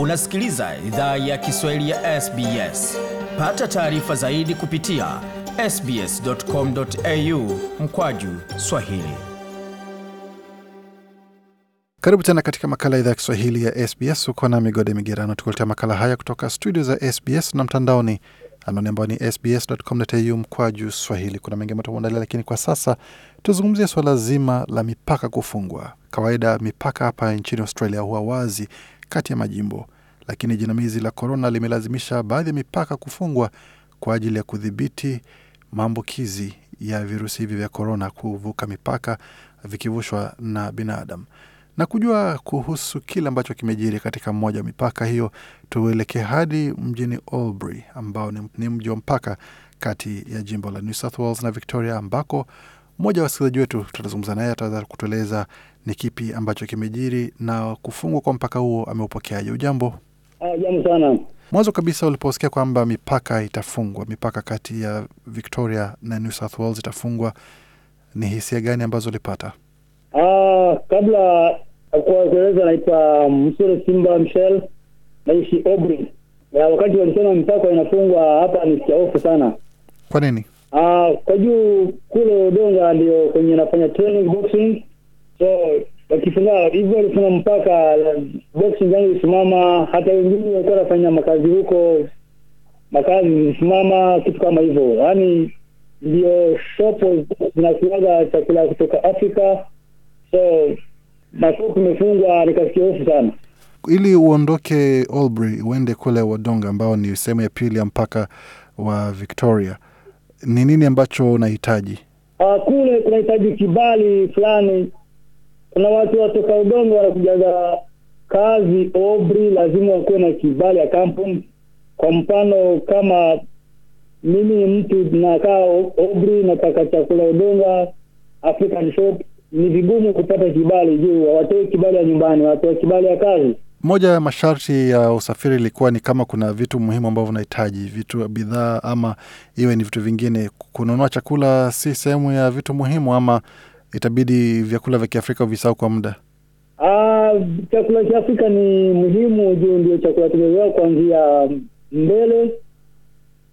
Unasikiliza idhaa ya Kiswahili ya SBS. Pata taarifa zaidi kupitia sbs.com.au mkwaju swahili. Karibu tena katika makala idhaa ya Kiswahili ya SBS. Uko na migode migerano, tukuletea makala haya kutoka studio za SBS na mtandaoni, anaoni ambao ni sbs.com.au mkwaju swahili. Kuna mengi ambayo tumeandalia, lakini kwa sasa tuzungumzia swala zima la mipaka kufungwa. Kawaida mipaka hapa nchini Australia huwa wazi kati ya majimbo, lakini jinamizi la korona limelazimisha baadhi ya mipaka kufungwa kwa ajili ya kudhibiti maambukizi ya virusi hivi vya korona kuvuka mipaka vikivushwa na binadamu. Na kujua kuhusu kile ambacho kimejiri katika mmoja wa mipaka hiyo, tuelekee hadi mjini Albury ambao ni mji wa mpaka kati ya jimbo la New South Wales na Victoria, ambako mmoja wa wasikilizaji wetu tutazungumza naye ataweza kutueleza ni kipi ambacho kimejiri na kufungwa kwa mpaka huo ameupokeaje? Ujambo. Ah, Jambo sana. Mwanzo kabisa uliposikia kwamba mipaka itafungwa, mipaka kati ya Victoria na New South Wales itafungwa, ni hisia gani ambazo ulipata? Uh, kabla kwa Kiingereza naitwa Msure Simba Michel, naishi Obri. Ya, wakati walisema mipaka inafungwa hapa nisikia hofu sana. Kwa nini? Uh, kwa juu kule Odonga ndio kwenye nafanya training boxing so wakifanya hivyo, walifanya mpaka boksi zangu zisimama, hata wengine walikuwa wanafanya makazi huko, makazi zisimama, kitu kama hivyo. Yaani ndio shopo zinakuaga chakula kutoka Afrika, so masoko imefungwa, nikasikia hofu sana ili uondoke Albury uende kule wadonga ambao ni sehemu ya pili ya mpaka wa Victoria, ni nini ambacho unahitaji? Uh, kule kunahitaji kibali fulani kuna watu watoka udongo wanakujaga kazi obri, lazima wakuwe na kibali ya kampuni. Kwa mfano kama mimi mtu nakaa obri, nataka chakula udonga African Shop, ni vigumu kupata kibali juu hawatoi kibali ya nyumbani, watoe kibali ya kazi. Moja ya masharti ya usafiri ilikuwa ni kama kuna vitu muhimu ambavyo unahitaji, vitu bidhaa, ama iwe ni vitu vingine. Kununua chakula si sehemu ya vitu muhimu, ama itabidi vyakula vya Kiafrika uvisau kwa muda? Ah, chakula cha Afrika ni muhimu juu ndio chakula tumezoea kuanzia mbele,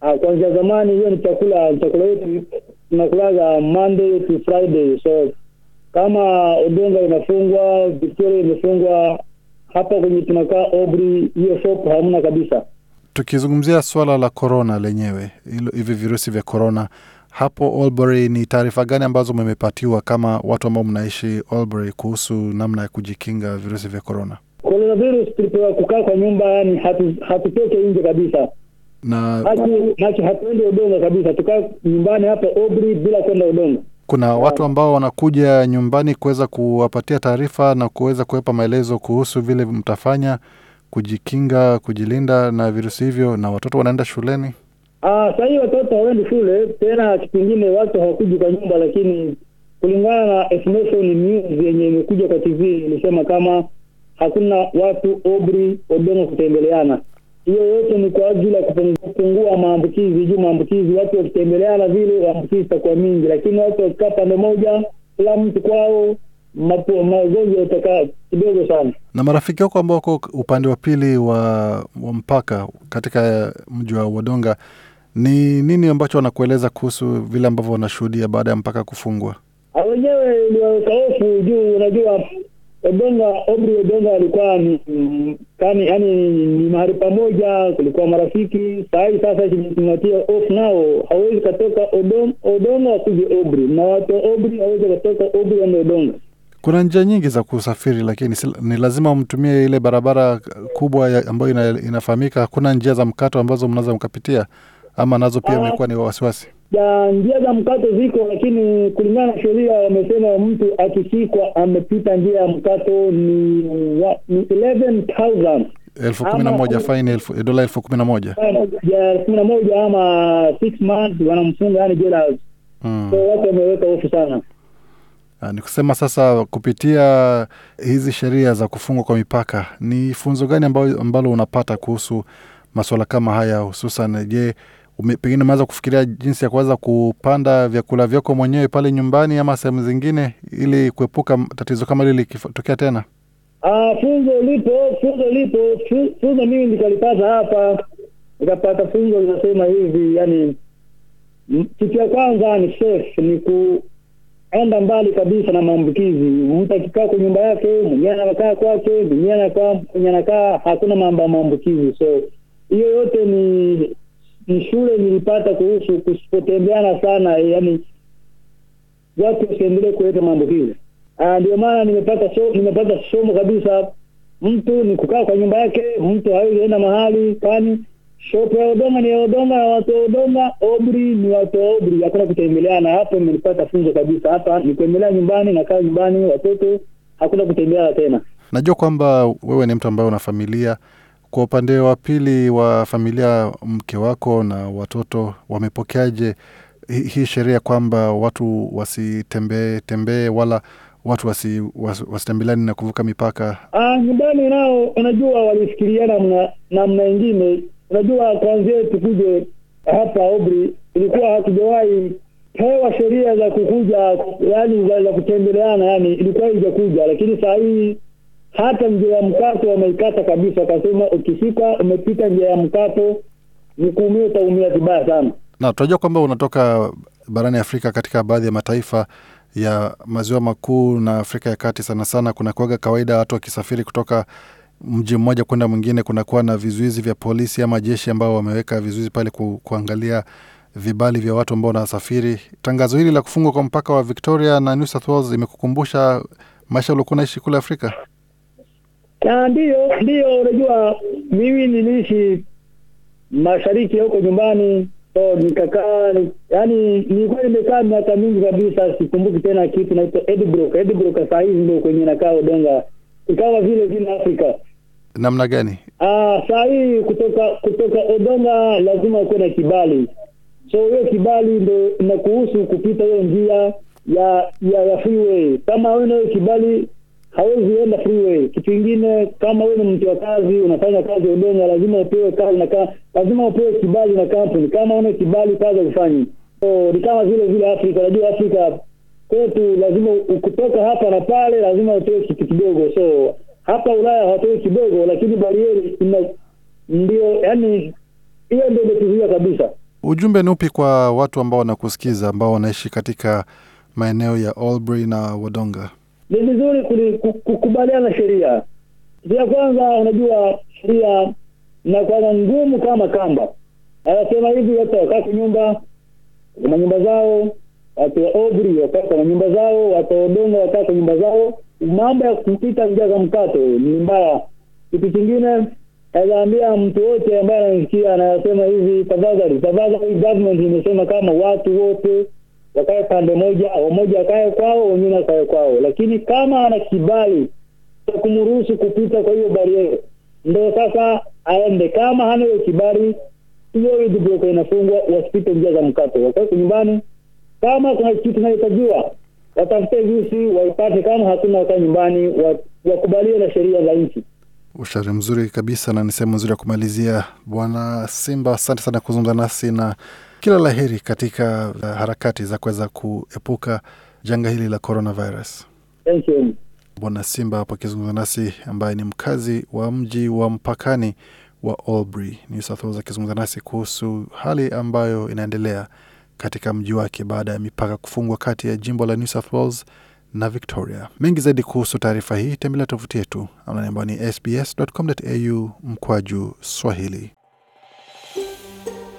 ah, kuanzia zamani. Hiyo ni chakula chakula yetu tunakulaga Monday to Friday, so kama Odonga inafungwa, Victoria imefungwa, hapa kwenye tunakaa obri hiyo sop hamna kabisa. Tukizungumzia swala la korona lenyewe, hivi virusi vya korona hapo Albury, ni taarifa gani ambazo mmepatiwa kama watu ambao mnaishi Albury kuhusu namna ya kujikinga virusi vya korona? Coronavirus tulipewa kukaa kwa nyumba, yani hatutoke nje kabisa na nacho hatuende Udongo kabisa, tukaa nyumbani hapa Obri bila kwenda Udongo. Kuna watu ambao wanakuja nyumbani kuweza kuwapatia taarifa na kuweza kuwepa maelezo kuhusu vile mtafanya kujikinga, kujilinda na virusi hivyo, na watoto wanaenda shuleni. Ah, sasa watoto hawaendi shule tena, kipingine watu hawakuji kwa nyumba, lakini kulingana na information news yenye imekuja kwa TV ilisema kama hakuna watu obri Obengo kutembeleana. Hiyo yote ni kwa ajili ya kupungua maambukizi, juu maambukizi watu wakitembeleana vile maambukizi itakuwa mingi, lakini watu wakikaa pande moja, kila mtu kwao magonjwa yatakaa kidogo sana. Na marafiki wako ambao wako upande wa pili wa, wa mpaka katika mji wa Wodonga ni nini ambacho wanakueleza kuhusu vile ambavyo wanashuhudia baada ya mpaka kufungwa? Wenyewe ni wautaofu juu, unajua Odonga, Obri Odonga alikuwa ni kani, yani ni mahali pamoja, kulikuwa marafiki. Saa hii sasa tunatia off nao, hawezi katoka Odonga, Odonga Obri na watu Obri hawezi katoka Obri wende Odonga. Kuna njia nyingi za kusafiri, lakini ni lazima mtumie ile barabara kubwa ambayo ina, inafahamika. Hakuna njia za mkato ambazo mnaweza mkapitia ama nazo pia ah, imekuwa ni wasiwasi? Njia za mkato ziko, lakini kulingana na sheria wamesema mtu akishikwa amepita njia ya mkato ni, ni 11,000 elfu kumi na moja faini eh, dola elfu kumi na moja elfu kumi na moja ama six months wanamfunga, yani jela. Mm. So watu wameweka hofu sana. Ah, ni kusema sasa, kupitia hizi sheria za kufungwa kwa mipaka, ni funzo gani ambalo, ambalo unapata kuhusu masuala kama haya hususan, je pengine umeweza kufikiria jinsi ya kuweza kupanda vyakula vyako mwenyewe pale nyumbani ama sehemu zingine ili kuepuka tatizo kama hili likitokea tena? Ah, funzo lipo, funzo lipo, funzo mimi nikalipata hapa, nikapata funzo linasema hivi, yani kitu ya kwanza ni safe, ni kuenda mbali kabisa na maambukizi. Mtu akikaa kwa nyumba yake mwenyewe anakaa kwake, mwenyewe anakaa anakaa, hakuna mambo ya maambukizi. So hiyo yote ni shule nilipata kuhusu kusipotembeana sana, yani watu wasiendelee kuleta maambukizi. Ah, ndio maana nimepata so, nimepata somo kabisa, mtu ni kukaa kwa nyumba yake, mtu hawezi enda mahali, kwani shopo ya Odonga ni ya Odonga na watu wa Odonga, Obri ni watu wa Obri, hakuna kutembeleana. Hapo nimelipata funzo kabisa, hapa nitembelea nyumbani, nakaa nyumbani, watoto hakuna kutembeana tena. Najua kwamba wewe ni mtu ambaye una familia kwa upande wa pili wa familia, mke wako na watoto wamepokeaje hii sheria kwamba watu wasitembee tembee wala watu wasi, wasi, wasitembeleani na kuvuka mipaka? Ah, nyumbani nao unajua walifikiriana namna namna ingine. Unajua, kwanzia tukuje hapa Obri ilikuwa hatujawahi hewa sheria za kukuja, yani za, za kutembeleana, yani ilikuwa haijakuja, lakini saa hii hata njia ya mkato wameikata kabisa, akasema ukifika umepita njia ya mkato ni utaumia vibaya sana. Na tunajua kwamba unatoka barani Afrika, katika baadhi ya mataifa ya maziwa makuu na Afrika ya kati sana sana, kuna kuaga kawaida watu wakisafiri kutoka mji mmoja kwenda mwingine, kunakuwa na vizuizi vya polisi ama jeshi ambao wameweka vizuizi pale ku, kuangalia vibali vya watu ambao wanasafiri. Tangazo hili la kufungwa kwa mpaka wa Victoria na New South Wales imekukumbusha maisha uliokuwa naishi kule Afrika? na ah, ndiyo ndiyo, unajua mimi niliishi mashariki huko nyumbani so nikakaa yani nilikuwa nimekaa miaka mingi kabisa sikumbuki tena kitu naitwa Edbrook Edbrook saa hizi ndio kwenye nakaa Odonga ikawa vile vile Afrika namna gani ah saa hii kutoka kutoka Odonga lazima ukuwe na kibali so hiyo kibali ndo inakuhusu kupita hiyo njia ya ya, ya freeway kama wewe kibali hawezi enda freeway. Kitu kingine kama wewe ni mtu wa kazi, unafanya kazi Odonga, lazima upewe kazi na kama lazima upewe kibali na kampuni. Kama una kibali, kaza kufanya So ni kama vile vile Afrika, unajua Afrika kwetu lazima ukutoka hapa na pale, lazima utoe kitu kidogo. So hapa Ulaya hawatoi kidogo, lakini barieri ina ndio, yani hiyo ndio imetuzuia kabisa. Ujumbe ni upi kwa watu ambao wanakusikiza ambao wanaishi katika maeneo ya Albury na Wodonga? ni vizuri kukubaliana sheria. Ya kwanza, unajua sheria inakuwa ngumu kama kamba. Anasema hivi, watu wakati nyumba na nyumba zao, watu wa Ogri wakati na nyumba zao, watu wa Odongo wakati nyumba zao. Mambo ya kupita njia za mkato ni mbaya. Kitu kingine naambia mtu wote ambaye anasikia anasema hivi, tafadhali tafadhali, government imesema kama watu wote wakae pande moja, wamoja wakae kwao, wengine wakae kwao, lakini kama ana kibali cha kumruhusu kupita kwa hiyo bariere, ndio sasa aende. Kama hana hiyo kibali, hiyo idibloka inafungwa, wasipite njia za mkato, wakae nyumbani. Kama kuna kitu kinachotajiwa watafute visi waipate, kama hakuna wakae nyumbani, wakubalie na sheria za nchi. Ushauri mzuri kabisa na ni sehemu nzuri ya kumalizia. Bwana Simba, asante sana kuzungumza nasi na kila la heri katika uh, harakati za kuweza kuepuka janga hili la coronavirus. Bwana Simba hapo akizungumza nasi ambaye ni mkazi wa mji wa mpakani wa Albury, New South Wales, akizungumza nasi kuhusu hali ambayo inaendelea katika mji wake baada ya mipaka kufungwa kati ya jimbo la New South Wales na Victoria. Mengi zaidi kuhusu taarifa hii tembelea tovuti yetu ambayo ni sbs.com.au mkwaju Swahili.